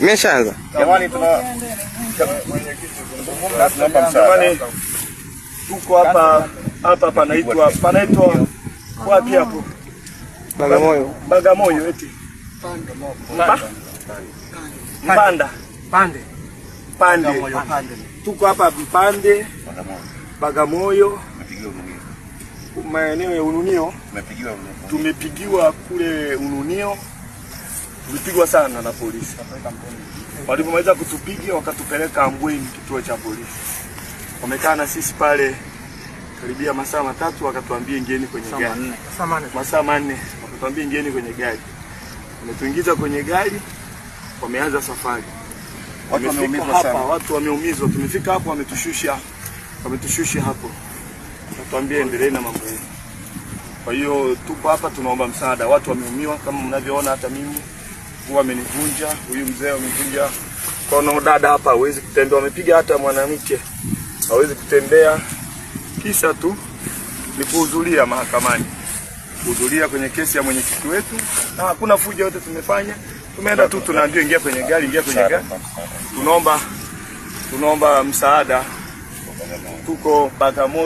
imeshaanza jamani, tuko hapa hapa, panaitwa panaitwa wapi hapo? Bagamoyo, Bagamoyo eti Mpanda, Pande, Pande, tuko hapa Mpande, Bagamoyo. Tumepigiwa Ununio, maeneo ya Ununio tumepigiwa, tumepigiwa kule Ununio, tulipigwa sana na polisi. Walipomaliza kutupiga wakatupeleka Ambweni, kituo cha polisi. Wamekaa na sisi pale karibia masaa matatu, wakatuambia ingieni kwenye gari, masaa manne, wakatuambia ingieni kwenye gari. Wametuingiza kwenye gari, wameanza safari. Watu wameumizwa, watu wameumizwa. Tumefika hapo, wametushusha, wametushusha hapo natuambia endelee na mambo yenu. Kwa hiyo tupo hapa, tunaomba msaada, watu wameumia kama mnavyoona, hata mimi huwa amenivunja huyu mzee, amevunja mkono. Dada hapa hawezi kutembea, wamepiga hata mwanamke hawezi kutembea, kisa tu ni kuhudhuria mahakamani, kuhudhuria kwenye kesi ya mwenyekiti wetu, na hakuna fujo yote tumefanya, tumeenda tu tunaambia ingia kwenye gari, ingia kwenye gari. Tunaomba tunaomba msaada, tuko Bagamoyo.